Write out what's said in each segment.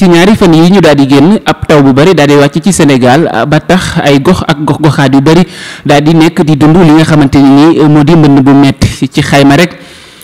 ci ñaari fan yi ñu daal di génn ab taw bu bari daal di wàcc ci Sénégal ah, ba tax ay gox ak gox goxaat yu bëri daal di nekk di dund li nga xamante ni mu di mbënn bu metti ci xayma rek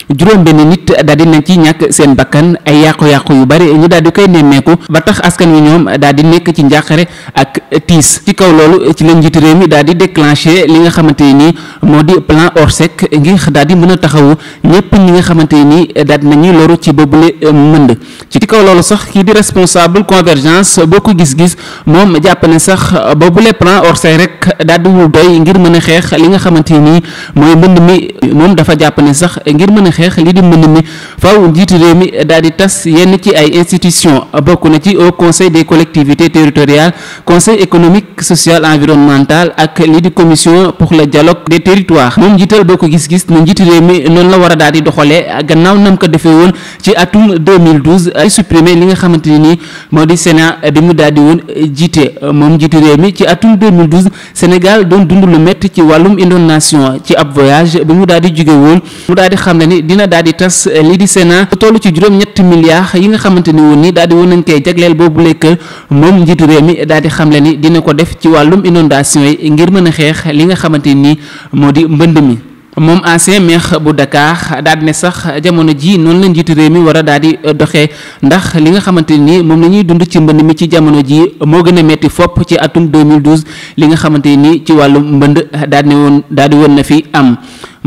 juróom benn nit daal di nañ ci ñàkk seen bakkan ay yàqu-yàqu yu bari ñu daal di koy nemmeeku ba tax askan wi ñoom daal di nekk ci njàqare ak tiis ci kaw loolu ci la njiitu mi daal di déclenché li nga xamante ne nii moo di plan Orsec ngir daal di mën a taxawu ñëpp ñi nga xamante ne nii daal di loru ci boobule mënd ci kaw loolu sax kii di responsable convergence boo ko gis-gis moom jàpp ne sax boobule plan Orsec rek daal di doy ngir mën a xeex li nga xamante nii mooy mënd mi moom dafa jàpp ne sax ngir mën a xeex li di mën ni faaw njiitu réew mi daal di tas yenn ci ay institution bokk na ci au conseil des collectivités territoriales conseil économique social environnemental ak li di commission pour le dialogue des territoires moom njiital boo ko gis-gis na njiitu réew mi noonu la war a daal di doxalee gannaaw nam ko defee woon ci atum 2012 ay supprimer li nga xamante ni nii moo di Sénat bi mu daal di woon jiite moom njiitu réew mi ci atum 2012 Sénégal doon dund lu métti ci wàllum inondation ci ab voyage bi mu daal di jóge woon mu daal di xam ne ni dina daal di tas eh, lii di Sénat toll ci juróom-ñetti milliards yi nga xamante ni woon ni daal di woon nañ koy jagleel boobu lekk moom njiitu réew mi daal di xamle ni dina ko def ci wàllum inondation yi ngir mën a xeex li nga xamante ni moo di mbënd mi. moom ancien maire bu Dakar daal di ne sax jamono ji noonu la njiitu réew mi war a daal di eh, doxee ndax li nga xamante ni moom la ñuy dund ci mbënd mi ci jamono jii moo gën a metti fopp ci atum 2012 li nga xamante ni ci wàllum mbënd daal di woon daal di woon na fi am.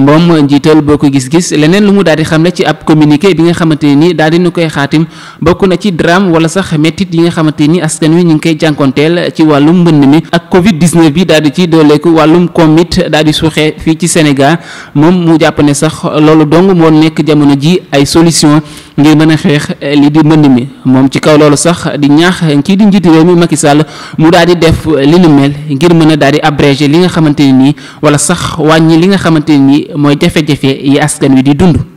mom njital boko gis gis lenen lu mu daal di xamle ci ab communiqué bi nga xamanteni ni daal di nu koy bokku na ci drame wala sax metit yi nga xamanteni ni askan wi ñu ngi koy jankontel ci walum mbënd mi ak covid 19 bi daal ci dole ko walum commit daal suxé fi ci sénégal mom mu japp ne sax lolu dong mo nekk jamono ji ay solution ngir mëna xex li di mbënd mi mom ci kaw lolu sax di ñaax ki di njiitu rew mi Macky Sall mu daal def li ñu mel ngir mëna a abréger li nga xamanteni ni wala sax wañi li nga xamanteni ni mooy jafe-jafe yi askan wi di dund